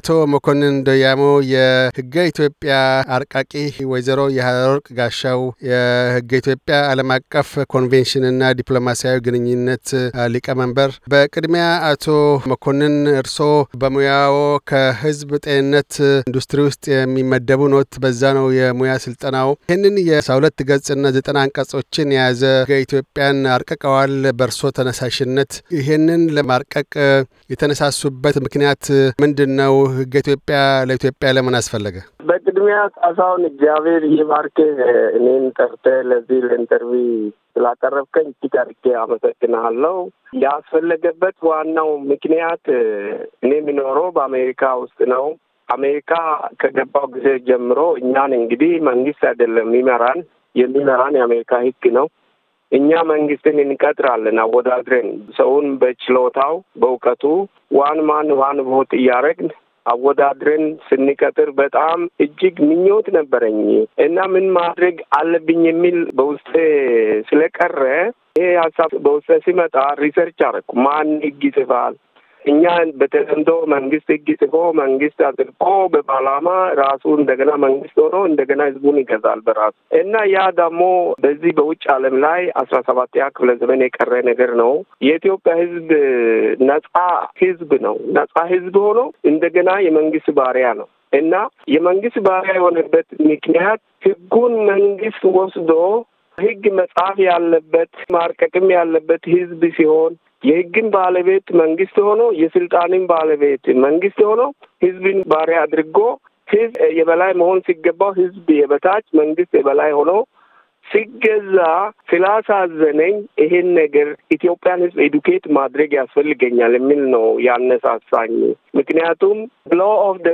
አቶ መኮንን ደያሞ የህገ ኢትዮጵያ አርቃቂ፣ ወይዘሮ የሀረወርቅ ጋሻው የህገ ኢትዮጵያ ዓለም አቀፍ ኮንቬንሽንና ዲፕሎማሲያዊ ግንኙነት ሊቀመንበር። በቅድሚያ አቶ መኮንን እርሶ በሙያዎ ከህዝብ ጤንነት ኢንዱስትሪ ውስጥ የሚመደቡ ኖት፣ በዛ ነው የሙያ ስልጠናው። ይህንን የአስራ ሁለት ገጽና ዘጠና አንቀጾችን የያዘ ህገ ኢትዮጵያን አርቅቀዋል በእርሶ ተነሳሽነት። ይህንን ለማርቀቅ የተነሳሱበት ምክንያት ምንድን ነው? ህገ ኢትዮጵያ ለኢትዮጵያ ለምን አስፈለገ? በቅድሚያ ካሳሁን እግዚአብሔር ይባርክህ። እኔን ጠርተ ለዚህ ለኢንተርቪው ስላቀረብከኝ እጅግ አድርጌ አመሰግናለሁ። ያስፈለገበት ዋናው ምክንያት እኔ የሚኖረው በአሜሪካ ውስጥ ነው። አሜሪካ ከገባው ጊዜ ጀምሮ እኛን እንግዲህ መንግስት አይደለም ይመራን የሚመራን የአሜሪካ ህግ ነው። እኛ መንግስትን እንቀጥራለን አወዳድረን ሰውን በችሎታው በእውቀቱ ዋን ማን ዋን ቦት እያደረግን አወዳድረን ስንቀጥር በጣም እጅግ ምኞት ነበረኝ እና ምን ማድረግ አለብኝ የሚል በውስጤ ስለቀረ ይሄ ሀሳብ በውስጤ ሲመጣ ሪሰርች አደረኩ። ማን ህግ ይጽፋል? እኛ በተለምዶ መንግስት ህግ ጽፎ መንግስት አጥርቆ በፓርላማ ራሱ እንደገና መንግስት ሆኖ እንደገና ህዝቡን ይገዛል በራሱ እና ያ ደግሞ በዚህ በውጭ ዓለም ላይ አስራ ሰባት ያ ክፍለ ዘመን የቀረ ነገር ነው። የኢትዮጵያ ህዝብ ነጻ ህዝብ ነው። ነጻ ህዝብ ሆኖ እንደገና የመንግስት ባሪያ ነው እና የመንግስት ባሪያ የሆነበት ምክንያት ህጉን መንግስት ወስዶ ህግ መጻፍ ያለበት ማርቀቅም ያለበት ህዝብ ሲሆን የህግን ባለቤት መንግስት ሆኖ የስልጣንን ባለቤት መንግስት ሆኖ ህዝብን ባሪያ አድርጎ ህዝብ የበላይ መሆን ሲገባው ህዝብ የበታች መንግስት የበላይ ሆኖ ሲገዛ ስላሳዘነኝ ይሄን ነገር ኢትዮጵያን ህዝብ ኤዱኬት ማድረግ ያስፈልገኛል የሚል ነው ያነሳሳኝ። ምክንያቱም ሎ ኦፍ ደ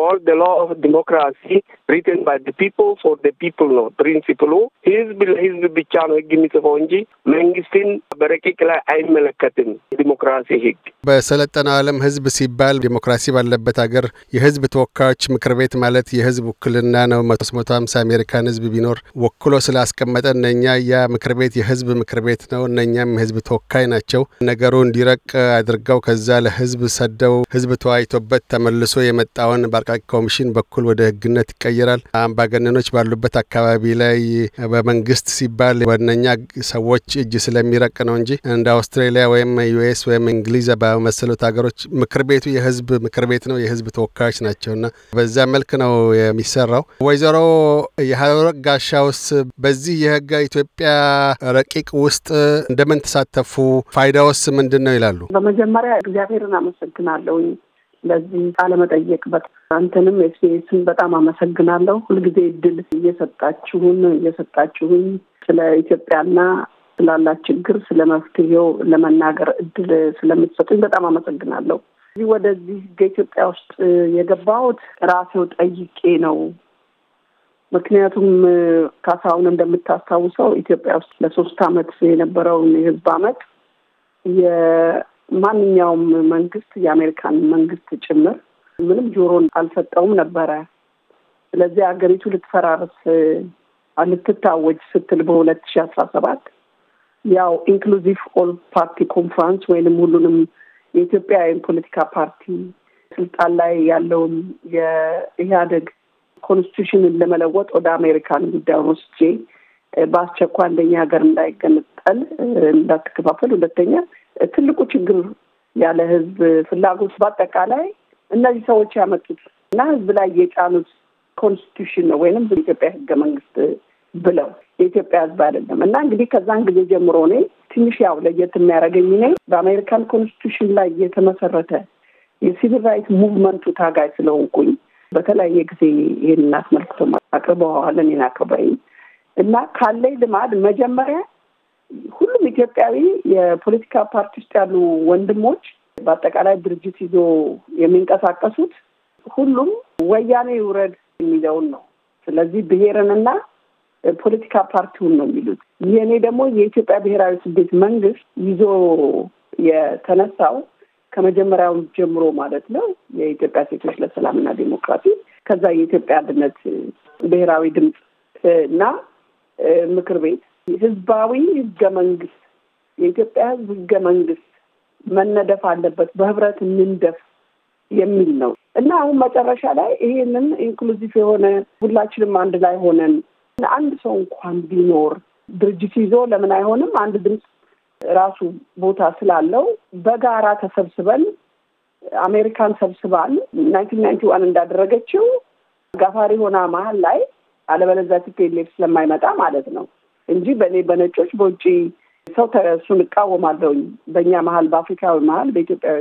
or the law of ዲሞክራሲ ሪትን ባይ ድ ፒፕል ፎር ደ ፒፕል ነው ፕሪንሲፕሉ። ህዝብ ለህዝብ ብቻ ነው ህግ የሚጽፈው እንጂ መንግስትን በረቂቅ ላይ አይመለከትም። ዲሞክራሲ ህግ በሰለጠነ ዓለም ህዝብ ሲባል ዲሞክራሲ ባለበት ሀገር የህዝብ ተወካዮች ምክር ቤት ማለት የህዝብ ውክልና ነው። መቶ መቶ ሀምሳ አሜሪካን ህዝብ ቢኖር ወክሎ ስላስቀመጠ እነኛ ያ ምክር ቤት የህዝብ ምክር ቤት ነው። እነኛም የህዝብ ተወካይ ናቸው። ነገሩ እንዲረቅ አድርገው ከዛ ለህዝብ ሰደው ህዝብ ተዋይቶበት ተመልሶ የመጣውን አርቃቂ ኮሚሽን በኩል ወደ ህግነት ይቀየራል። አምባገነኖች ባሉበት አካባቢ ላይ በመንግስት ሲባል ዋነኛ ሰዎች እጅ ስለሚረቅ ነው እንጂ እንደ አውስትራሊያ ወይም ዩኤስ ወይም እንግሊዝ በመሰሉት ሀገሮች ምክር ቤቱ የህዝብ ምክር ቤት ነው፣ የህዝብ ተወካዮች ናቸው እና በዛ መልክ ነው የሚሰራው። ወይዘሮ የሀረወርቅ ጋሻውስ በዚህ የህገ ኢትዮጵያ ረቂቅ ውስጥ እንደምን ተሳተፉ? ፋይዳውስ ምንድን ነው ይላሉ? በመጀመሪያ እግዚአብሔርን አመሰግናለሁኝ ለዚህ ቃለመጠየቅ አንተንም ኤስቢኤስን በጣም አመሰግናለሁ። ሁልጊዜ እድል እየሰጣችሁን እየሰጣችሁን ስለ ኢትዮጵያና ስላላት ችግር ስለ መፍትሄው ለመናገር እድል ስለምትሰጡኝ በጣም አመሰግናለሁ። እዚህ ወደዚህ ከኢትዮጵያ ውስጥ የገባሁት ራሴው ጠይቄ ነው። ምክንያቱም ካሳሁን እንደምታስታውሰው ኢትዮጵያ ውስጥ ለሶስት አመት የነበረውን የህዝብ አመት የማንኛውም መንግስት የአሜሪካን መንግስት ጭምር ምንም ጆሮን አልሰጠውም ነበረ። ስለዚህ ሀገሪቱ ልትፈራርስ ልትታወጅ ስትል በሁለት ሺ አስራ ሰባት ያው ኢንክሉዚቭ ኦል ፓርቲ ኮንፈረንስ ወይንም ሁሉንም የኢትዮጵያ ፖለቲካ ፓርቲ ስልጣን ላይ ያለውን የኢህአደግ ኮንስቲቱሽንን ለመለወጥ ወደ አሜሪካን ጉዳዩን ወስጄ በአስቸኳይ አንደኛ ሀገር እንዳይገነጠል እንዳትከፋፈል፣ ሁለተኛ ትልቁ ችግር ያለ ህዝብ ፍላጎት በአጠቃላይ እነዚህ ሰዎች ያመጡት እና ህዝብ ላይ የጫኑት ኮንስቲቱሽን ነው ወይም የኢትዮጵያ ህገ መንግስት ብለው የኢትዮጵያ ህዝብ አይደለም እና እንግዲህ ከዛን ጊዜ ጀምሮ እኔ ትንሽ ያው ለየት የሚያደርገኝ እኔ በአሜሪካን ኮንስቲቱሽን ላይ የተመሰረተ የሲቪል ራይት ሙቭመንቱ ታጋይ ስለሆንኩኝ በተለያየ ጊዜ ይህንን አስመልክቶ አቅርበዋል፣ እኔን አቅርበኝ እና ካለኝ ልማድ መጀመሪያ ሁሉም ኢትዮጵያዊ የፖለቲካ ፓርቲ ውስጥ ያሉ ወንድሞች በአጠቃላይ ድርጅት ይዞ የሚንቀሳቀሱት ሁሉም ወያኔ ይውረድ የሚለውን ነው። ስለዚህ ብሔርንና ፖለቲካ ፓርቲውን ነው የሚሉት። የእኔ ደግሞ የኢትዮጵያ ብሔራዊ ስደት መንግስት ይዞ የተነሳው ከመጀመሪያው ጀምሮ ማለት ነው የኢትዮጵያ ሴቶች ለሰላምና ዴሞክራሲ፣ ከዛ የኢትዮጵያ አንድነት ብሔራዊ ድምፅ እና ምክር ቤት ህዝባዊ ህገ መንግስት የኢትዮጵያ ህዝብ ህገ መንግስት መነደፍ አለበት፣ በህብረት እንንደፍ የሚል ነው እና አሁን መጨረሻ ላይ ይሄንን ኢንክሉዚቭ የሆነ ሁላችንም አንድ ላይ ሆነን አንድ ሰው እንኳን ቢኖር ድርጅት ይዞ ለምን አይሆንም? አንድ ድምፅ ራሱ ቦታ ስላለው በጋራ ተሰብስበን አሜሪካን ሰብስባል ናይንቲን ናይንቲ ዋን እንዳደረገችው ጋፋሪ ሆና መሀል ላይ አለበለዛ ቲፒኤልኤፍ ስለማይመጣ ማለት ነው እንጂ በእኔ በነጮች በውጭ ሰው እሱን እቃወማለሁኝ በእኛ መሀል በአፍሪካዊ መሀል በኢትዮጵያዊ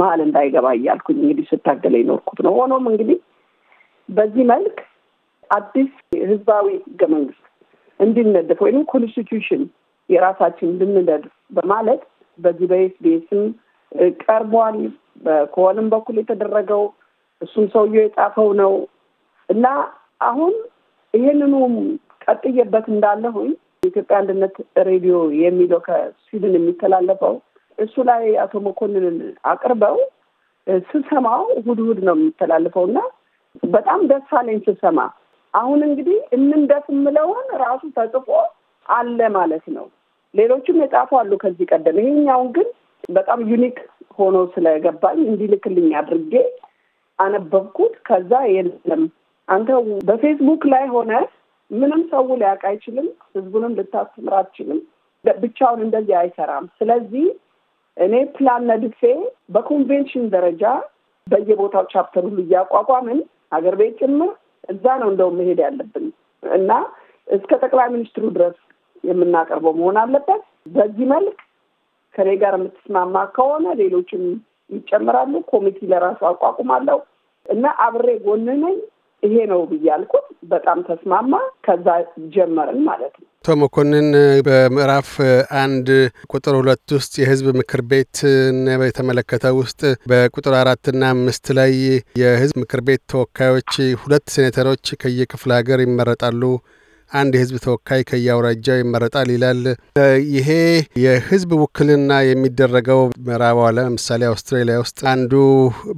መሀል እንዳይገባ እያልኩኝ እንግዲህ ስታገለ ይኖርኩት ነው። ሆኖም እንግዲህ በዚህ መልክ አዲስ ህዝባዊ ህገ መንግስት እንድንነድፍ ወይም ኮንስቲቱሽን የራሳችን እንድንነድፍ በማለት በዚህ በኤስቢኤስም ቀርቧል። በኮሆንም በኩል የተደረገው እሱም ሰውየው የጻፈው ነው እና አሁን ይህንኑ ቀጥዬበት እንዳለሁኝ የኢትዮጵያ አንድነት ሬዲዮ የሚለው ከስዊድን የሚተላለፈው እሱ ላይ አቶ መኮንንን አቅርበው ስሰማው እሑድ እሑድ ነው የሚተላለፈው እና በጣም ደስ አለኝ ስሰማ። አሁን እንግዲህ እንንደፍ የምለውን ራሱ ተጽፎ አለ ማለት ነው። ሌሎችም የጻፉ አሉ ከዚህ ቀደም። ይሄኛውን ግን በጣም ዩኒክ ሆኖ ስለገባኝ እንዲልክልኝ አድርጌ አነበብኩት። ከዛ የለም አንተ በፌስቡክ ላይ ሆነ ምንም ሰው ሊያውቅ አይችልም። ህዝቡንም ልታስተምር አትችልም። ብቻውን እንደዚህ አይሰራም። ስለዚህ እኔ ፕላን ነድፌ በኮንቬንሽን ደረጃ በየቦታው ቻፕተር ሁሉ እያቋቋምን ሀገር ቤት ጭምር እዛ ነው እንደውም መሄድ ያለብን እና እስከ ጠቅላይ ሚኒስትሩ ድረስ የምናቀርበው መሆን አለበት። በዚህ መልክ ከኔ ጋር የምትስማማ ከሆነ ሌሎችም ይጨምራሉ። ኮሚቴ ለራሱ አቋቁማለሁ እና አብሬ ጎን ነኝ። ይሄ ነው ብያልኩት። በጣም ተስማማ። ከዛ ጀመርን ማለት ነው። አቶ መኮንን በምዕራፍ አንድ ቁጥር ሁለት ውስጥ የህዝብ ምክር ቤት በተመለከተ ውስጥ በቁጥር አራትና አምስት ላይ የህዝብ ምክር ቤት ተወካዮች ሁለት ሴኔተሮች ከየክፍለ ሀገር ይመረጣሉ አንድ የህዝብ ተወካይ ከየአውራጃው ይመረጣል ይላል። ይሄ የህዝብ ውክልና የሚደረገው ምዕራብ ዓለም ለምሳሌ አውስትራሊያ ውስጥ አንዱ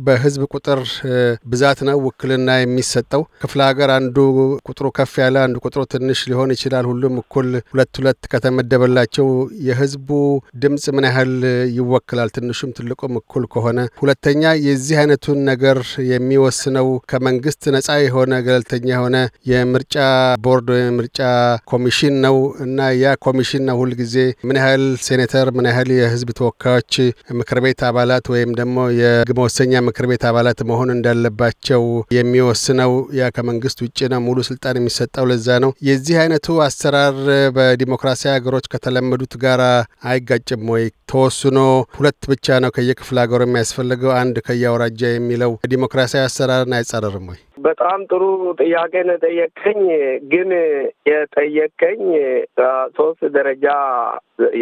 በህዝብ ቁጥር ብዛት ነው ውክልና የሚሰጠው። ክፍለ ሀገር አንዱ ቁጥሩ ከፍ ያለ፣ አንዱ ቁጥሩ ትንሽ ሊሆን ይችላል። ሁሉም እኩል ሁለት ሁለት ከተመደበላቸው የህዝቡ ድምፅ ምን ያህል ይወክላል? ትንሹም ትልቁም እኩል ከሆነ። ሁለተኛ የዚህ አይነቱን ነገር የሚወስነው ከመንግስት ነጻ የሆነ ገለልተኛ የሆነ የምርጫ ቦርድ ወይም ምርጫ ኮሚሽን ነው እና ያ ኮሚሽን ነው ሁልጊዜ ምን ያህል ሴኔተር፣ ምን ያህል የህዝብ ተወካዮች ምክር ቤት አባላት ወይም ደግሞ የህግ መወሰኛ ምክር ቤት አባላት መሆን እንዳለባቸው የሚወስነው። ያ ከመንግስት ውጭ ነው፣ ሙሉ ስልጣን የሚሰጠው ለዛ ነው። የዚህ አይነቱ አሰራር በዲሞክራሲያዊ ሀገሮች ከተለመዱት ጋር አይጋጭም ወይ? ተወስኖ ሁለት ብቻ ነው ከየክፍለ ሀገሩ የሚያስፈልገው አንድ ከየአውራጃ የሚለው ዲሞክራሲያዊ አሰራርን አይጻረርም ወይ? በጣም ጥሩ ጥያቄ ነው የጠየቀኝ። ግን የጠየቀኝ ሶስት ደረጃ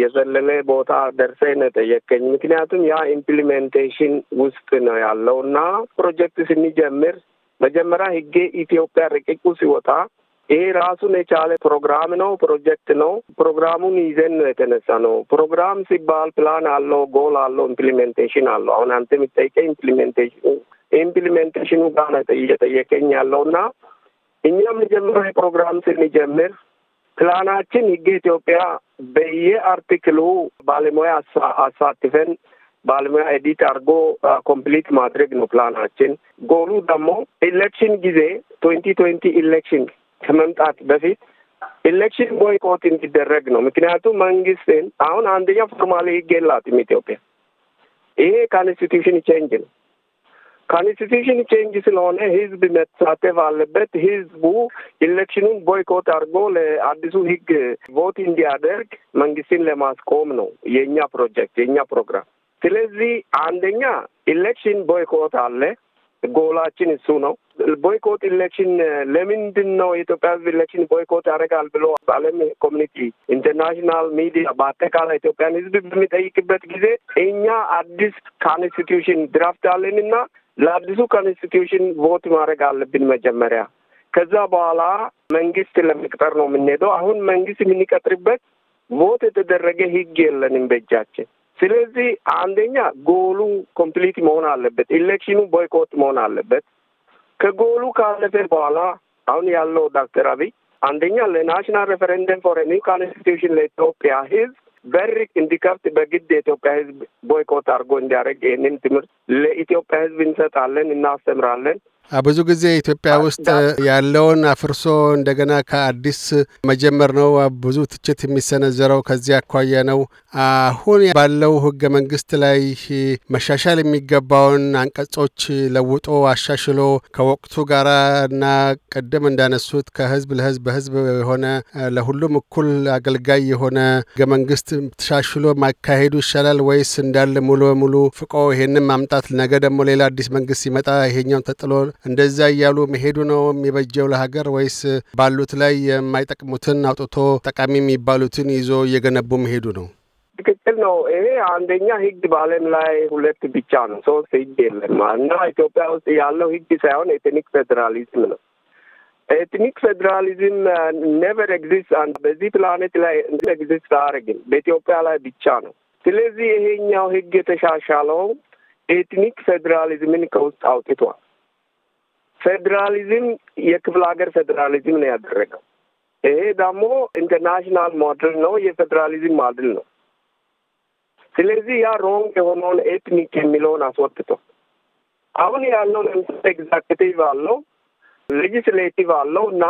የዘለለ ቦታ ደርሰህ ነው የጠየቀኝ። ምክንያቱም ያ ኢምፕሊሜንቴሽን ውስጥ ነው ያለው እና ፕሮጀክት ስንጀምር መጀመሪያ ህጌ ኢትዮጵያ ረቂቁ ሲወጣ ይሄ ራሱን የቻለ ፕሮግራም ነው፣ ፕሮጀክት ነው። ፕሮግራሙን ይዘን ነው የተነሳ ነው። ፕሮግራም ሲባል ፕላን አለው፣ ጎል አለው፣ ኢምፕሊሜንቴሽን አለው። አሁን አንተ የምትጠይቀኝ ኢምፕሊሜንቴሽን ኢምፕሊሜንቴሽኑ ጋር ነው እየጠየቀኝ ያለው እና እኛም መጀመሪያ የፕሮግራም ስንጀምር ፕላናችን ህግ ኢትዮጵያ በየአርቲክሉ ባለሙያ አሳትፈን ባለሙያ ኤዲት አድርጎ ኮምፕሊት uh, ማድረግ ነው ፕላናችን። ጎሉ ደግሞ ኢሌክሽን ጊዜ ትዌንቲ ትዌንቲ ኢሌክሽን ከመምጣት በፊት ኢሌክሽን ቦይኮት እንዲደረግ ነው። ምክንያቱም መንግስትን አሁን አንደኛ ፎርማሊ ህግ የላትም ኢትዮጵያ። ይሄ ካንስቲቱሽን ቼንጅ ነው። ኮንስቲቱሽን ቼንጅ ስለሆነ ህዝብ መሳተፍ አለበት። ህዝቡ ኢሌክሽኑን ቦይኮት አድርጎ ለአዲሱ ህግ ቮት እንዲያደርግ መንግስትን ለማስቆም ነው የእኛ ፕሮጀክት የእኛ ፕሮግራም። ስለዚህ አንደኛ ኢሌክሽን ቦይኮት አለ። ጎላችን እሱ ነው። ቦይኮት ኢሌክሽን ለምንድን ነው የኢትዮጵያ ህዝብ ኢሌክሽን ቦይኮት ያደርጋል ብሎ በዓለም ኮሚኒቲ ኢንተርናሽናል ሚዲያ በአጠቃላይ ኢትዮጵያን ህዝብ በሚጠይቅበት ጊዜ እኛ አዲስ ኮንስቲቱሽን ድራፍት አለንና ለአዲሱ ኮንስቲትዩሽን ቮት ማድረግ አለብን መጀመሪያ። ከዛ በኋላ መንግስት ለመቅጠር ነው የምንሄደው። አሁን መንግስት የምንቀጥርበት ቮት የተደረገ ህግ የለንም በእጃችን። ስለዚህ አንደኛ ጎሉ ኮምፕሊት መሆን አለበት። ኢሌክሽኑ ቦይኮት መሆን አለበት። ከጎሉ ካለፈ በኋላ አሁን ያለው ዶክተር አብይ አንደኛ ለናሽናል ሬፈረንደም ፎር ኒው ኮንስቲትዩሽን ለኢትዮጵያ ህዝብ በር እንዲከፍት በግድ የኢትዮጵያ ሕዝብ ቦይኮት አድርጎ እንዲያደርግ ይህንን ትምህርት ለኢትዮጵያ ሕዝብ እንሰጣለን፣ እናስተምራለን። ብዙ ጊዜ ኢትዮጵያ ውስጥ ያለውን አፍርሶ እንደገና ከአዲስ መጀመር ነው ብዙ ትችት የሚሰነዘረው ከዚህ አኳያ ነው። አሁን ባለው ህገ መንግስት ላይ መሻሻል የሚገባውን አንቀጾች ለውጦ አሻሽሎ ከወቅቱ ጋር እና ቅድም እንዳነሱት ከህዝብ ለህዝብ በህዝብ የሆነ ለሁሉም እኩል አገልጋይ የሆነ ህገ መንግስት ተሻሽሎ ማካሄዱ ይሻላል ወይስ እንዳለ ሙሉ በሙሉ ፍቆ ይሄንም ማምጣት ነገ ደግሞ ሌላ አዲስ መንግስት ሲመጣ ይሄኛውን ተጥሎ እንደዛ እያሉ መሄዱ ነው የሚበጀው ለሀገር ወይስ ባሉት ላይ የማይጠቅሙትን አውጥቶ ጠቃሚ የሚባሉትን ይዞ እየገነቡ መሄዱ ነው? ትክክል ነው። ይሄ አንደኛ ህግ በዓለም ላይ ሁለት ብቻ ነው፣ ሶስት ህግ የለም እና ኢትዮጵያ ውስጥ ያለው ህግ ሳይሆን ኤትኒክ ፌዴራሊዝም ነው። ኤትኒክ ፌዴራሊዝም ኔቨር ኤግዚስት አንድ በዚህ ፕላኔት ላይ ኤግዚስት አያደርግም፣ በኢትዮጵያ ላይ ብቻ ነው። ስለዚህ ይሄኛው ህግ የተሻሻለው ኤትኒክ ፌዴራሊዝምን ከውስጥ አውጥቷል። ፌዴራሊዝም የክፍለ ሀገር ፌዴራሊዝም ነው ያደረገው። ይሄ ደግሞ ኢንተርናሽናል ሞዴል ነው፣ የፌዴራሊዝም ማድል ነው። ስለዚህ ያ ሮንግ የሆነውን ኤትኒክ የሚለውን አስወጥቶ አሁን ያለው ለምሳሌ ኤግዛክቲቭ አለው፣ ሌጅስሌቲቭ አለው እና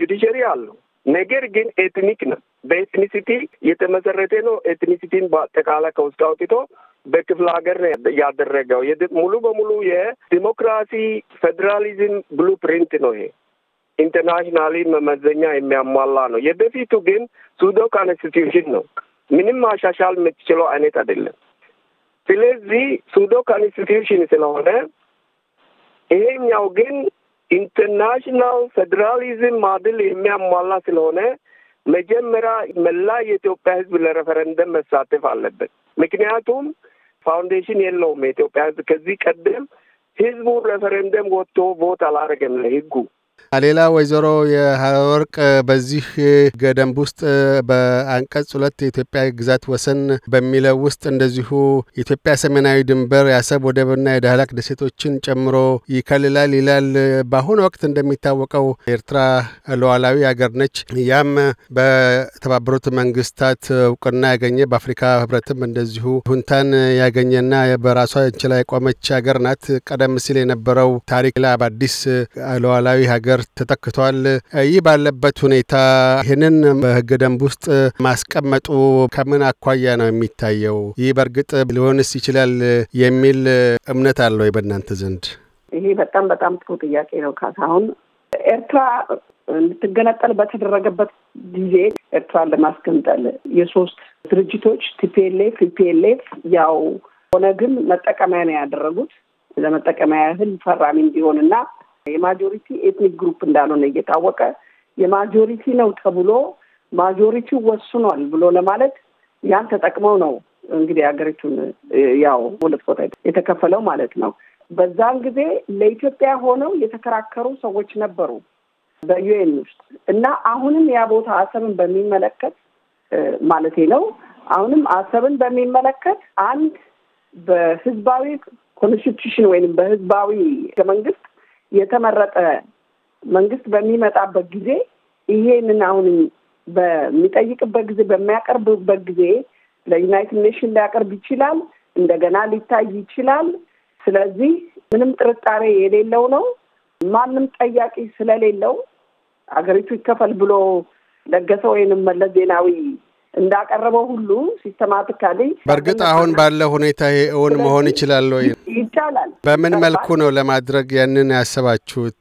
ጁዲሽሪ አለው። ነገር ግን ኤትኒክ ነው፣ በኤትኒሲቲ የተመሰረተ ነው። ኤትኒሲቲን በአጠቃላይ ከውስጥ አውጥቶ በክፍለ ሀገር ያደረገው ሙሉ በሙሉ የዲሞክራሲ ፌዴራሊዝም ብሉ ፕሪንት ነው ይሄ ኢንተርናሽናሊ መመዘኛ የሚያሟላ ነው። የበፊቱ ግን ሱዶ ኮንስቲትዩሽን ነው። ምንም ማሻሻል የምትችለው አይነት አይደለም። ስለዚህ ሱዶ ኮንስቲትዩሽን ስለሆነ ይሄኛው ግን ኢንተርናሽናል ፌዴራሊዝም ማድል የሚያሟላ ስለሆነ መጀመሪያ መላ የኢትዮጵያ ሕዝብ ለሬፈረንደም መሳተፍ አለበት። ምክንያቱም ፋውንዴሽን የለውም። የኢትዮጵያ ህዝብ ከዚህ ቀደም ህዝቡ ሬፈረንደም ወጥቶ ቮት አላረገም ለህጉ ሌላ ወይዘሮ የሀወርቅ በዚህ ገደንብ ውስጥ በአንቀጽ ሁለት የኢትዮጵያ ግዛት ወሰን በሚለው ውስጥ እንደዚሁ የኢትዮጵያ ሰሜናዊ ድንበር የአሰብ ወደብና የዳህላክ ደሴቶችን ጨምሮ ይከልላል ይላል። በአሁኑ ወቅት እንደሚታወቀው ኤርትራ ሉዓላዊ ሀገር ነች። ያም በተባበሩት መንግስታት እውቅና ያገኘ በአፍሪካ ህብረትም እንደዚሁ ሁንታን ያገኘና በራሷ እንችላ የቆመች ሀገር ናት። ቀደም ሲል የነበረው ታሪክ ላ በአዲስ ሉዓላዊ ሀገር ነገር ተተክቷል። ይህ ባለበት ሁኔታ ይህንን በህገ ደንብ ውስጥ ማስቀመጡ ከምን አኳያ ነው የሚታየው? ይህ በእርግጥ ሊሆንስ ይችላል የሚል እምነት ወይ በእናንተ ዘንድ? ይሄ በጣም በጣም ጥሩ ጥያቄ ነው ካሳሁን። ኤርትራ እንድትገነጠል በተደረገበት ጊዜ ኤርትራን ለማስገንጠል የሶስት ድርጅቶች ቲፒኤልኤፍ፣ ኢፒኤልኤፍ ያው ሆነ ግን መጠቀሚያ ነው ያደረጉት ለመጠቀሚያ ያህል ፈራሚ እንዲሆን እና የማጆሪቲ ኤትኒክ ግሩፕ እንዳልሆነ እየታወቀ የማጆሪቲ ነው ተብሎ ማጆሪቲው ወስኗል ብሎ ለማለት ያን ተጠቅመው ነው እንግዲህ ሀገሪቱን ያው ሁለት ቦታ የተከፈለው ማለት ነው። በዛን ጊዜ ለኢትዮጵያ ሆነው የተከራከሩ ሰዎች ነበሩ በዩኤን ውስጥ እና አሁንም ያ ቦታ አሰብን በሚመለከት ማለት ነው። አሁንም አሰብን በሚመለከት አንድ በህዝባዊ ኮንስቲቱሽን ወይም በህዝባዊ ህገ መንግስት የተመረጠ መንግስት በሚመጣበት ጊዜ ይሄንን አሁን በሚጠይቅበት ጊዜ በሚያቀርብበት ጊዜ ለዩናይትድ ኔሽን ሊያቀርብ ይችላል። እንደገና ሊታይ ይችላል። ስለዚህ ምንም ጥርጣሬ የሌለው ነው። ማንም ጠያቂ ስለሌለው አገሪቱ ይከፈል ብሎ ለገሰ ወይንም መለስ ዜናዊ እንዳቀረበው ሁሉ ሲስተማቲካሊ በእርግጥ አሁን ባለ ሁኔታ ይሄ እውን መሆን ይችላል ወይ? ይቻላል። በምን መልኩ ነው ለማድረግ ያንን ያሰባችሁት?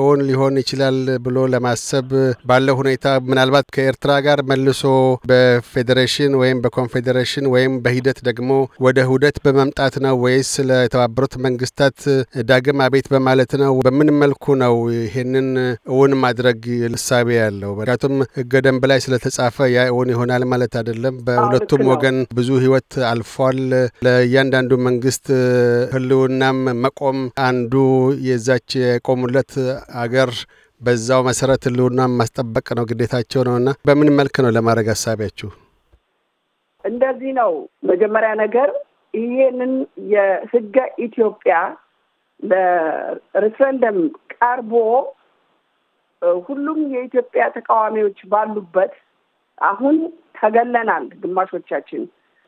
እውን ሊሆን ይችላል ብሎ ለማሰብ ባለ ሁኔታ ምናልባት ከኤርትራ ጋር መልሶ በፌዴሬሽን ወይም በኮንፌዴሬሽን ወይም በሂደት ደግሞ ወደ ውህደት በመምጣት ነው ወይስ ለተባበሩት መንግስታት ዳግም አቤት በማለት ነው? በምን መልኩ ነው ይህንን እውን ማድረግ ልሳቤ ያለው? ምክንያቱም ህገ ደንብ ላይ ስለተጻፈ ያ እውን ይሆናል ይሆናል ማለት አይደለም። በሁለቱም ወገን ብዙ ህይወት አልፏል። ለእያንዳንዱ መንግስት ህልውናም መቆም አንዱ የዛች የቆሙለት አገር በዛው መሰረት ህልውናም ማስጠበቅ ነው ግዴታቸው ነው እና በምን መልክ ነው ለማድረግ ሀሳቢያችሁ? እንደዚህ ነው። መጀመሪያ ነገር ይሄንን የህገ ኢትዮጵያ ለሬፍረንደም ቀርቦ ሁሉም የኢትዮጵያ ተቃዋሚዎች ባሉበት አሁን ተገለናል። ግማሾቻችን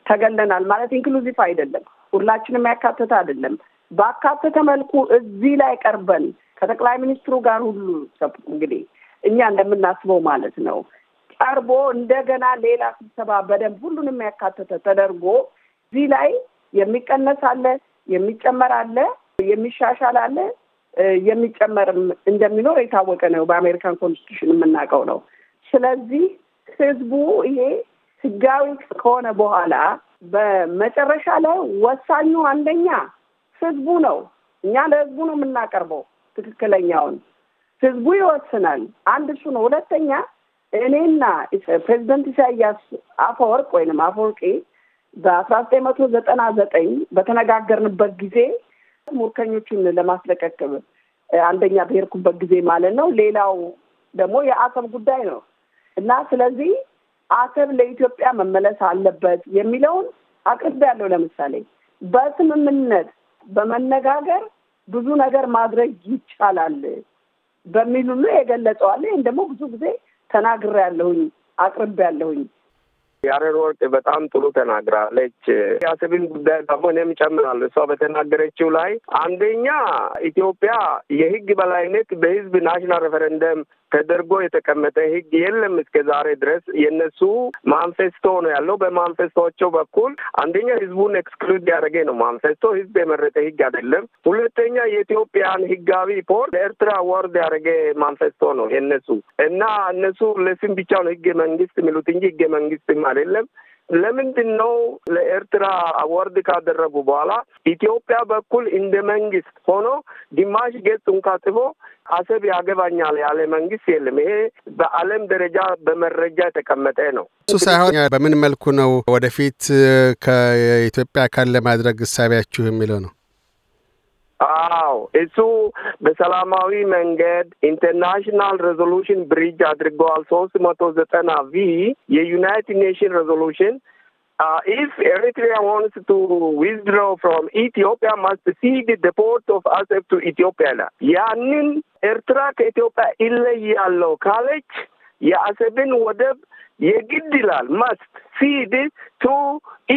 ተገለናል ማለት ኢንክሉዚቭ አይደለም፣ ሁላችንም ያካተተ አይደለም። ባካተተ መልኩ እዚህ ላይ ቀርበን ከጠቅላይ ሚኒስትሩ ጋር ሁሉ እንግዲህ እኛ እንደምናስበው ማለት ነው ቀርቦ እንደገና ሌላ ስብሰባ በደንብ ሁሉንም ያካተተ ተደርጎ እዚህ ላይ የሚቀነስ አለ፣ የሚጨመር አለ፣ የሚሻሻል አለ፣ የሚጨመርም እንደሚኖር የታወቀ ነው። በአሜሪካን ኮንስቲቱሽን የምናውቀው ነው። ስለዚህ ህዝቡ ይሄ ህጋዊ ከሆነ በኋላ በመጨረሻ ላይ ወሳኙ አንደኛ ህዝቡ ነው። እኛ ለህዝቡ ነው የምናቀርበው ትክክለኛውን ህዝቡ ይወስናል። አንድ እሱ ነው። ሁለተኛ እኔና ፕሬዚደንት ኢሳያስ አፈወርቅ ወይንም አፈወርቂ በአስራ ዘጠኝ መቶ ዘጠና ዘጠኝ በተነጋገርንበት ጊዜ ሙርከኞቹን ለማስለቀቅ አንደኛ ብሄርኩበት ጊዜ ማለት ነው። ሌላው ደግሞ የአሰብ ጉዳይ ነው። እና ስለዚህ አሰብ ለኢትዮጵያ መመለስ አለበት የሚለውን አቅርብ ያለው ለምሳሌ በስምምነት በመነጋገር ብዙ ነገር ማድረግ ይቻላል በሚሉ ነው የገለጸዋል። ይህም ደግሞ ብዙ ጊዜ ተናግሬ ያለሁኝ አቅርብ ያለሁኝ የአረር ወርቅ በጣም ጥሩ ተናግራለች። የአሰብን ጉዳይ ደግሞ እኔም ጨምራለሁ እሷ በተናገረችው ላይ አንደኛ ኢትዮጵያ የህግ በላይነት በህዝብ ናሽናል ሬፈረንደም ተደርጎ የተቀመጠ ህግ የለም እስከ ዛሬ ድረስ። የእነሱ ማንፌስቶ ነው ያለው። በማንፌስቶቸው በኩል አንደኛ ህዝቡን ኤክስክሉድ ያደረገ ነው ማንፌስቶ። ህዝብ የመረጠ ህግ አይደለም። ሁለተኛ የኢትዮጵያን ህጋዊ ፖር ለኤርትራ ወርድ ያደረገ ማንፌስቶ ነው የእነሱ እና እነሱ ለስም ብቻ ነው ህገ መንግስት የሚሉት እንጂ ህገ መንግስትም አይደለም። ለምንድን ነው ለኤርትራ አዋርድ ካደረጉ በኋላ ኢትዮጵያ በኩል እንደ መንግስት ሆኖ ግማሽ ገጽ እንኳ ጽፎ አሰብ ያገባኛል ያለ መንግስት የለም። ይሄ በዓለም ደረጃ በመረጃ የተቀመጠ ነው። እሱ ሳይሆን በምን መልኩ ነው ወደፊት ከኢትዮጵያ አካል ለማድረግ እሳቢያችሁ የሚለው ነው። አዎ እሱ በሰላማዊ መንገድ ኢንተርናሽናል ሬዞሉሽን ብሪጅ አድርገዋል። ሶስት መቶ ዘጠና ቪ የዩናይትድ ኔሽን ሬዞሉሽን ኢፍ ኤሪትሪያ ዋንስ ቱ ዊዝድሮ ፍሮም ኢትዮጵያ ማስት ሲድ ደ ፖርት ኦፍ አሰብ ቱ ኢትዮጵያ ይላል። ያንን ኤርትራ ከኢትዮጵያ ይለያለው ካለች የአሰብን ወደብ የግድ ይላል ማስት ሲድ ቱ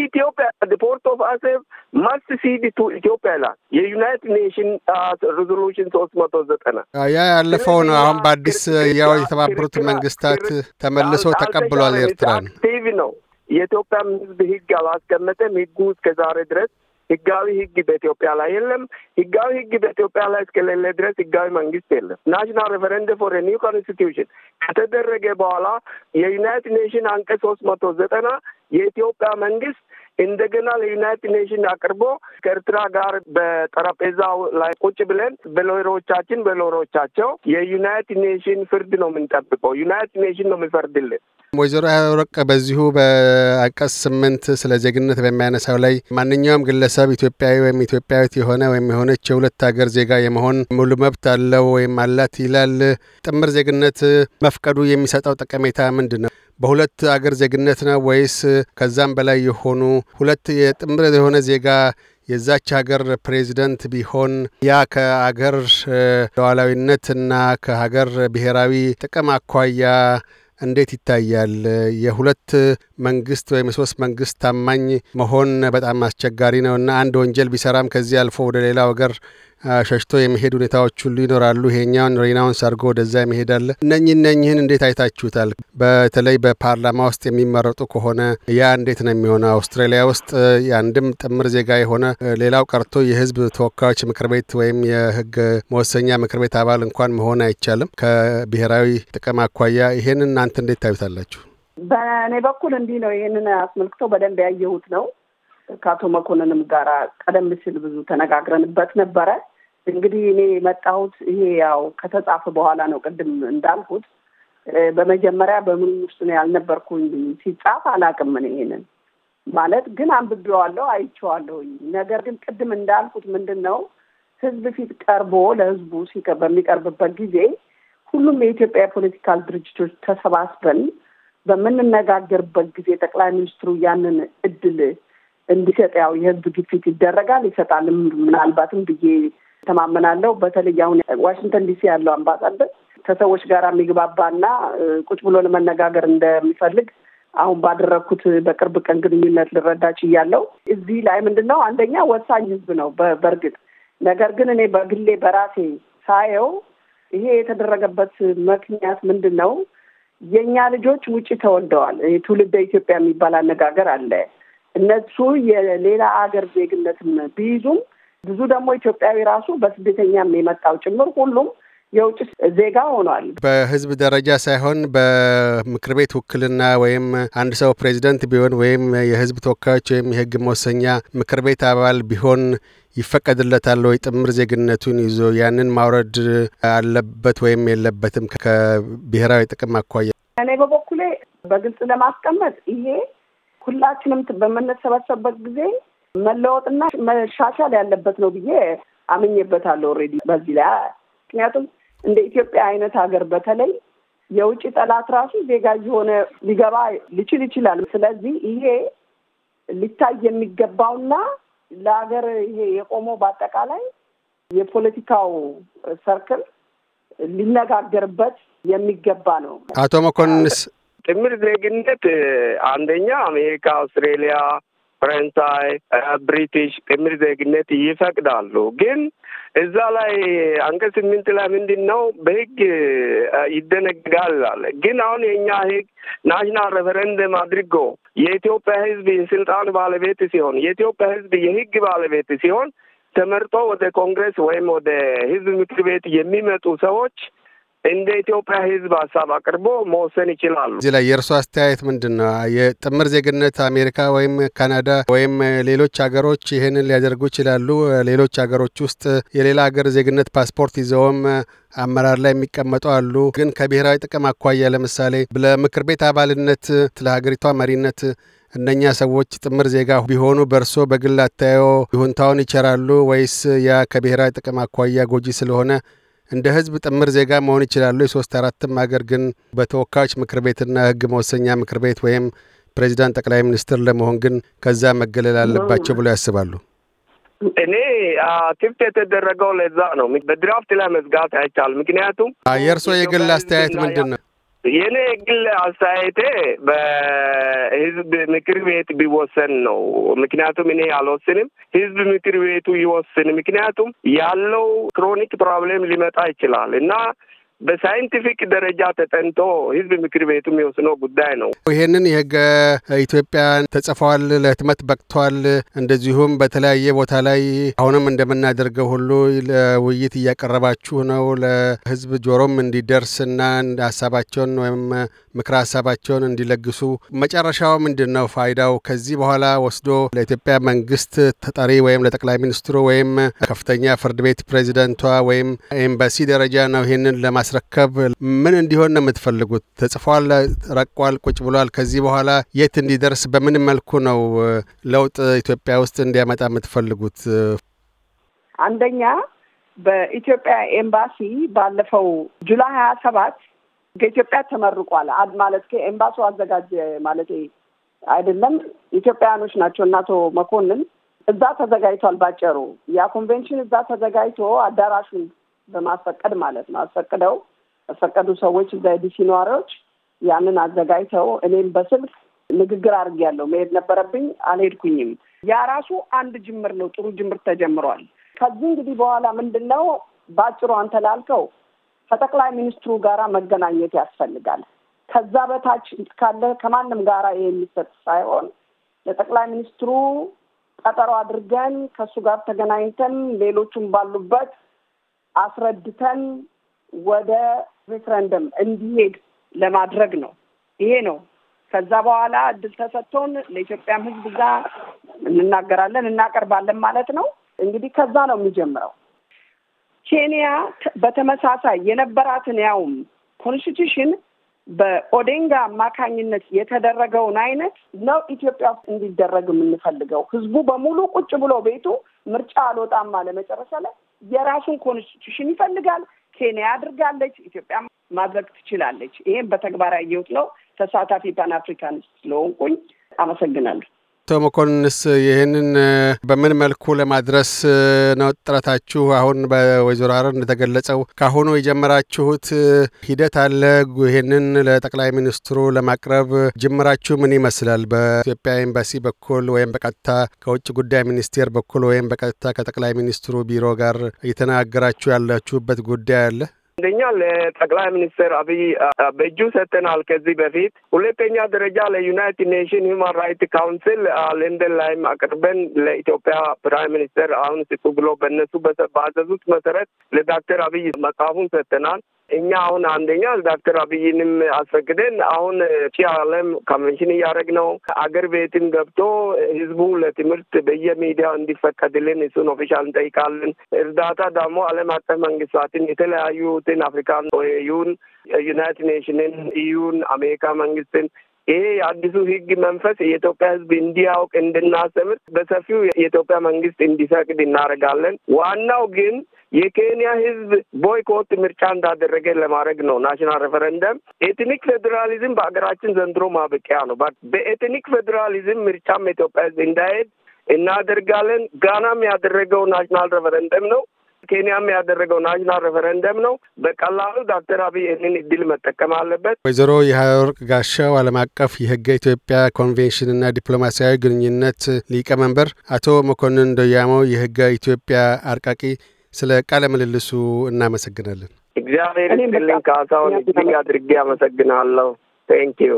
ኢትዮጵያ ዲፖርት ኦፍ አሰብ ማስት ሲድ ቱ ኢትዮጵያ ይላል የዩናይትድ ኔሽን ሬዞሉሽን ሶስት መቶ ዘጠና ያ ያለፈውን አሁን በአዲስ ያው የተባበሩት መንግስታት ተመልሶ ተቀብሏል። ኤርትራ ነው ኢትዮጵያም ህዝብ ህግ አላስቀመጠም። ህጉ እስከ ዛሬ ድረስ ህጋዊ ህግ በኢትዮጵያ ላይ የለም። ህጋዊ ህግ በኢትዮጵያ ላይ እስከሌለ ድረስ ህጋዊ መንግስት የለም። ናሽናል ሬፈረንደ ፎር ኒው ኮንስቲቱሽን ከተደረገ በኋላ የዩናይትድ ኔሽን አንቀጽ ሶስት መቶ ዘጠና የኢትዮጵያ መንግስት እንደገና ለዩናይትድ ኔሽን አቅርቦ ከኤርትራ ጋር በጠረጴዛው ላይ ቁጭ ብለን በሎሮቻችን በሎሮቻቸው የዩናይትድ ኔሽን ፍርድ ነው የምንጠብቀው። ዩናይትድ ኔሽን ነው የሚፈርድልን። ወይዘሮ ወርቅ በዚሁ በአቀስ ስምንት ስለ ዜግነት በሚያነሳው ላይ ማንኛውም ግለሰብ ኢትዮጵያዊ ወይም ኢትዮጵያዊት የሆነ ወይም የሆነች የሁለት ሀገር ዜጋ የመሆን ሙሉ መብት አለው ወይም አላት ይላል። ጥምር ዜግነት መፍቀዱ የሚሰጠው ጠቀሜታ ምንድን ነው? በሁለት አገር ዜግነት ነው ወይስ ከዛም በላይ የሆኑ ሁለት የጥምር የሆነ ዜጋ የዛች ሀገር ፕሬዚደንት ቢሆን ያ ከሀገር ሉዓላዊነት እና ከሀገር ብሔራዊ ጥቅም አኳያ እንዴት ይታያል? የሁለት መንግስት ወይም የሶስት መንግስት ታማኝ መሆን በጣም አስቸጋሪ ነው እና አንድ ወንጀል ቢሰራም ከዚህ አልፎ ወደ ሌላ ሀገር ሸሽቶ የመሄድ ሁኔታዎች ሁሉ ይኖራሉ። ይሄኛውን ሬናውን ሰርጎ ወደዛ ይሄዳል። እነኝህ እነኝህን እንዴት አይታችሁታል? በተለይ በፓርላማ ውስጥ የሚመረጡ ከሆነ ያ እንዴት ነው የሚሆነው? አውስትራሊያ ውስጥ የአንድም ጥምር ዜጋ የሆነ ሌላው ቀርቶ የህዝብ ተወካዮች ምክር ቤት ወይም የህግ መወሰኛ ምክር ቤት አባል እንኳን መሆን አይቻልም። ከብሔራዊ ጥቅም አኳያ ይሄን እናንተ እንዴት ታዩታላችሁ? በእኔ በኩል እንዲህ ነው። ይህንን አስመልክቶ በደንብ ያየሁት ነው ከአቶ መኮንንም ጋራ ቀደም ሲል ብዙ ተነጋግረንበት ነበረ። እንግዲህ እኔ የመጣሁት ይሄ ያው ከተጻፈ በኋላ ነው። ቅድም እንዳልኩት በመጀመሪያ በምን ውስጥ ነው ያልነበርኩኝ። ሲጻፍ አላቅም እኔ ይሄንን ማለት ግን አንብቤዋለሁ፣ አይቼዋለሁኝ። ነገር ግን ቅድም እንዳልኩት ምንድን ነው ህዝብ ፊት ቀርቦ ለህዝቡ በሚቀርብበት ጊዜ ሁሉም የኢትዮጵያ የፖለቲካል ድርጅቶች ተሰባስበን በምንነጋገርበት ጊዜ ጠቅላይ ሚኒስትሩ ያንን እድል እንዲሰጥ ያው የህዝብ ግፊት ይደረጋል፣ ይሰጣልም ምናልባትም ብዬ ተማመናለሁ። በተለይ አሁን ዋሽንግተን ዲሲ ያለው አምባሳደር ከሰዎች ጋር የሚግባባና ቁጭ ብሎ ለመነጋገር እንደሚፈልግ አሁን ባደረግኩት በቅርብ ቀን ግንኙነት ልረዳች እያለው እዚህ ላይ ምንድን ነው አንደኛ ወሳኝ ህዝብ ነው በእርግጥ ነገር ግን እኔ በግሌ በራሴ ሳየው ይሄ የተደረገበት ምክንያት ምንድን ነው? የእኛ ልጆች ውጭ ተወልደዋል። ትውልደ ኢትዮጵያ የሚባል አነጋገር አለ። እነሱ የሌላ አገር ዜግነትም ቢይዙም ብዙ ደግሞ ኢትዮጵያዊ ራሱ በስደተኛም የመጣው ጭምር ሁሉም የውጭ ዜጋ ሆኗል። በህዝብ ደረጃ ሳይሆን በምክር ቤት ውክልና ወይም አንድ ሰው ፕሬዚደንት ቢሆን ወይም የህዝብ ተወካዮች ወይም የህግ መወሰኛ ምክር ቤት አባል ቢሆን ይፈቀድለታል ወይ? ጥምር ዜግነቱን ይዞ ያንን ማውረድ አለበት ወይም የለበትም? ከብሔራዊ ጥቅም አኳያ እኔ በበኩሌ በግልጽ ለማስቀመጥ ይሄ ሁላችንም በምንሰበሰብበት ጊዜ መለወጥና መሻሻል ያለበት ነው ብዬ አምኜበታለሁ። ኦልሬዲ በዚህ ላይ ምክንያቱም እንደ ኢትዮጵያ አይነት ሀገር በተለይ የውጭ ጠላት ራሱ ዜጋ የሆነ ሊገባ ሊችል ይችላል። ስለዚህ ይሄ ሊታይ የሚገባውና ለሀገር ይሄ የቆመው በአጠቃላይ የፖለቲካው ሰርክል ሊነጋገርበት የሚገባ ነው። አቶ መኮንንስ ጥምር ዜግነት አንደኛ አሜሪካ፣ አውስትሬሊያ ፈረንሳይ፣ ብሪቲሽ ጥምር ዜግነት ይፈቅዳሉ። ግን እዛ ላይ አንቀጽ ስምንት ላይ ምንድን ነው በህግ ይደነግጋል አለ። ግን አሁን የእኛ ህግ ናሽናል ሬፈረንደም አድርጎ የኢትዮጵያ ህዝብ የስልጣን ባለቤት ሲሆን የኢትዮጵያ ህዝብ የህግ ባለቤት ሲሆን ተመርጦ ወደ ኮንግረስ ወይም ወደ ህዝብ ምክር ቤት የሚመጡ ሰዎች እንደ ኢትዮጵያ ሕዝብ ሀሳብ አቅርቦ መወሰን ይችላሉ። እዚህ ላይ የእርሶ አስተያየት ምንድን ነው? የጥምር ዜግነት አሜሪካ ወይም ካናዳ ወይም ሌሎች ሀገሮች ይህንን ሊያደርጉ ይችላሉ። ሌሎች ሀገሮች ውስጥ የሌላ ሀገር ዜግነት ፓስፖርት ይዘውም አመራር ላይ የሚቀመጡ አሉ። ግን ከብሔራዊ ጥቅም አኳያ ለምሳሌ ለምክር ቤት አባልነት ለሀገሪቷ መሪነት እነኛ ሰዎች ጥምር ዜጋ ቢሆኑ በእርሶ በግል አታዮ ይሁንታውን ይቸራሉ ወይስ ያ ከብሔራዊ ጥቅም አኳያ ጎጂ ስለሆነ እንደ ህዝብ ጥምር ዜጋ መሆን ይችላሉ። የሶስት አራትም ሀገር ግን በተወካዮች ምክር ቤትና ህግ መወሰኛ ምክር ቤት ወይም ፕሬዚዳንት ጠቅላይ ሚኒስትር ለመሆን ግን ከዛ መገለል አለባቸው ብለው ያስባሉ። እኔ ክፍት የተደረገው ለዛ ነው። በድራፍት ላይ መዝጋት አይቻልም። ምክንያቱም የእርስዎ የግል አስተያየት ምንድን ነው? የኔ የግል አስተያየቴ በህዝብ ምክር ቤት ቢወሰን ነው። ምክንያቱም እኔ አልወስንም፣ ህዝብ ምክር ቤቱ ይወስን። ምክንያቱም ያለው ክሮኒክ ፕሮብሌም ሊመጣ ይችላል እና በሳይንቲፊክ ደረጃ ተጠንቶ ህዝብ ምክር ቤቱ የሚወስነው ጉዳይ ነው። ይሄንን የህገ ኢትዮጵያን ተጽፏል፣ ለህትመት በቅቷል። እንደዚሁም በተለያየ ቦታ ላይ አሁንም እንደምናደርገው ሁሉ ለውይይት እያቀረባችሁ ነው፣ ለህዝብ ጆሮም እንዲደርስ እና ሀሳባቸውን ወይም ምክር ሀሳባቸውን እንዲለግሱ። መጨረሻው ምንድን ነው ፋይዳው? ከዚህ በኋላ ወስዶ ለኢትዮጵያ መንግስት ተጠሪ ወይም ለጠቅላይ ሚኒስትሩ ወይም ከፍተኛ ፍርድ ቤት ፕሬዚደንቷ ወይም ኤምባሲ ደረጃ ነው ይህንን ለማ ለማስረከብ ምን እንዲሆን ነው የምትፈልጉት? ተጽፏል፣ ረቋል፣ ቁጭ ብሏል። ከዚህ በኋላ የት እንዲደርስ በምን መልኩ ነው ለውጥ ኢትዮጵያ ውስጥ እንዲያመጣ የምትፈልጉት? አንደኛ በኢትዮጵያ ኤምባሲ ባለፈው ጁላይ ሀያ ሰባት ከኢትዮጵያ ተመርቋል። አድ ማለት ከኤምባሲው አዘጋጀ ማለት አይደለም፣ ኢትዮጵያውያኖች ናቸው እና አቶ መኮንን እዛ ተዘጋጅቷል። ባጭሩ ያ ኮንቬንሽን እዛ ተዘጋጅቶ አዳራሹን በማስፈቀድ ማለት ነው። አስፈቅደው ያስፈቀዱ ሰዎች እዛ የዲሲ ነዋሪዎች ያንን አዘጋጅተው እኔም በስልክ ንግግር አድርጌያለሁ። መሄድ ነበረብኝ አልሄድኩኝም። ያ ራሱ አንድ ጅምር ነው። ጥሩ ጅምር ተጀምሯል። ከዚህ እንግዲህ በኋላ ምንድን ነው በአጭሩ አንተ ላልከው ከጠቅላይ ሚኒስትሩ ጋራ መገናኘት ያስፈልጋል። ከዛ በታች ካለ ከማንም ጋራ ይሄ የሚሰጥ ሳይሆን ለጠቅላይ ሚኒስትሩ ቀጠሮ አድርገን ከእሱ ጋር ተገናኝተን ሌሎቹም ባሉበት አስረድተን ወደ ሪፍረንደም እንዲሄድ ለማድረግ ነው። ይሄ ነው። ከዛ በኋላ እድል ተሰጥቶን ለኢትዮጵያም ሕዝብ እዛ እንናገራለን እናቀርባለን ማለት ነው። እንግዲህ ከዛ ነው የሚጀምረው። ኬንያ በተመሳሳይ የነበራትን ያውም ኮንስቲቱሽን በኦዴንጋ አማካኝነት የተደረገውን አይነት ነው ኢትዮጵያ ውስጥ እንዲደረግ የምንፈልገው። ህዝቡ በሙሉ ቁጭ ብሎ ቤቱ ምርጫ አልወጣም አለ መጨረሻ ላይ የራሱን ኮንስቲቱሽን ይፈልጋል። ኬንያ አድርጋለች፣ ኢትዮጵያ ማድረግ ትችላለች። ይሄን በተግባር ያየሁት ነው። ተሳታፊ ፓን አፍሪካን ስለሆንኩኝ አመሰግናለሁ። አቶ መኮንንስ ይህንን በምን መልኩ ለማድረስ ነው ጥረታችሁ? አሁን በወይዘሮ አረር እንደተገለጸው ካሁኑ የጀመራችሁት ሂደት አለ። ይህንን ለጠቅላይ ሚኒስትሩ ለማቅረብ ጅምራችሁ ምን ይመስላል? በኢትዮጵያ ኤምባሲ በኩል ወይም በቀጥታ ከውጭ ጉዳይ ሚኒስቴር በኩል ወይም በቀጥታ ከጠቅላይ ሚኒስትሩ ቢሮ ጋር እየተናገራችሁ ያላችሁበት ጉዳይ አለ? አንደኛ ለጠቅላይ ሚኒስትር አብይ በእጁ ሰጥተናል ከዚህ በፊት። ሁለተኛ ደረጃ ለዩናይትድ ኔሽን ሂውማን ራይት ካውንስል ለንደን ላይም አቅርበን ለኢትዮጵያ ፕራይም ሚኒስትር አሁን ስጡ ብሎ በእነሱ ባዘዙት መሰረት ለዳክተር አብይ መጽሐፉን ሰጥተናል። እኛ አሁን አንደኛ ዶክተር አብይንም አስፈቅደን አሁን ቺ አለም ካንቨንሽን እያደረግ ነው። አገር ቤትን ገብቶ ህዝቡ ለትምህርት በየሚዲያ እንዲፈቀድልን እሱን ኦፊሻል እንጠይቃለን። እርዳታ ደግሞ አለም አቀፍ መንግስታትን የተለያዩትን አፍሪካን ዩን ዩናይትድ ኔሽንን፣ ኢዩን፣ አሜሪካ መንግስትን ይሄ የአዲሱ ህግ መንፈስ የኢትዮጵያ ህዝብ እንዲያውቅ እንድናሰምር በሰፊው የኢትዮጵያ መንግስት እንዲፈቅድ እናደርጋለን። ዋናው ግን የኬንያ ህዝብ ቦይኮት ምርጫ እንዳደረገ ለማድረግ ነው። ናሽናል ሬፈረንደም ኤትኒክ ፌዴራሊዝም በሀገራችን ዘንድሮ ማብቂያ ነው። በኤትኒክ ፌዴራሊዝም ምርጫም ኢትዮጵያ ህዝብ እንዳይሄድ እናደርጋለን። ጋናም ያደረገው ናሽናል ሬፈረንደም ነው። ኬንያም ያደረገው ናሽናል ሬፈረንደም ነው። በቀላሉ ዶክተር አብይ ይህንን እድል መጠቀም አለበት። ወይዘሮ የሀወርቅ ጋሻው ዓለም አቀፍ የህገ ኢትዮጵያ ኮንቬንሽንና ዲፕሎማሲያዊ ግንኙነት ሊቀመንበር፣ አቶ መኮንን ዶያሞ የህገ ኢትዮጵያ አርቃቂ፣ ስለ ቃለ ምልልሱ እናመሰግናለን። እግዚአብሔር ይስጥልኝ ካሳሁን፣ እጅግ አድርጌ አመሰግናለሁ። ዩ።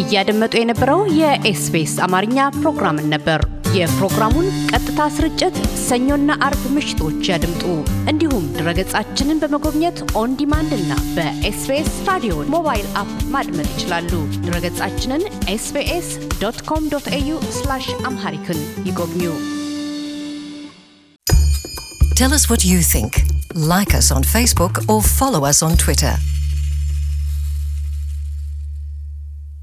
እያደመጡ የነበረው የኤስፔስ አማርኛ ፕሮግራምን ነበር። የፕሮግራሙን ቀጥታ ስርጭት ሰኞና አርብ ምሽቶች ያድምጡ። እንዲሁም ድረገጻችንን በመጎብኘት ኦን ዲማንድ እና በኤስቤስ ራዲዮ ሞባይል አፕ ማድመጥ ይችላሉ። ድረገጻችንን ኤስቤስ ዶት ኮም ዶት ኤዩ አምሃሪክን ይጎብኙ። Tell us what you think. Like us on Facebook or follow us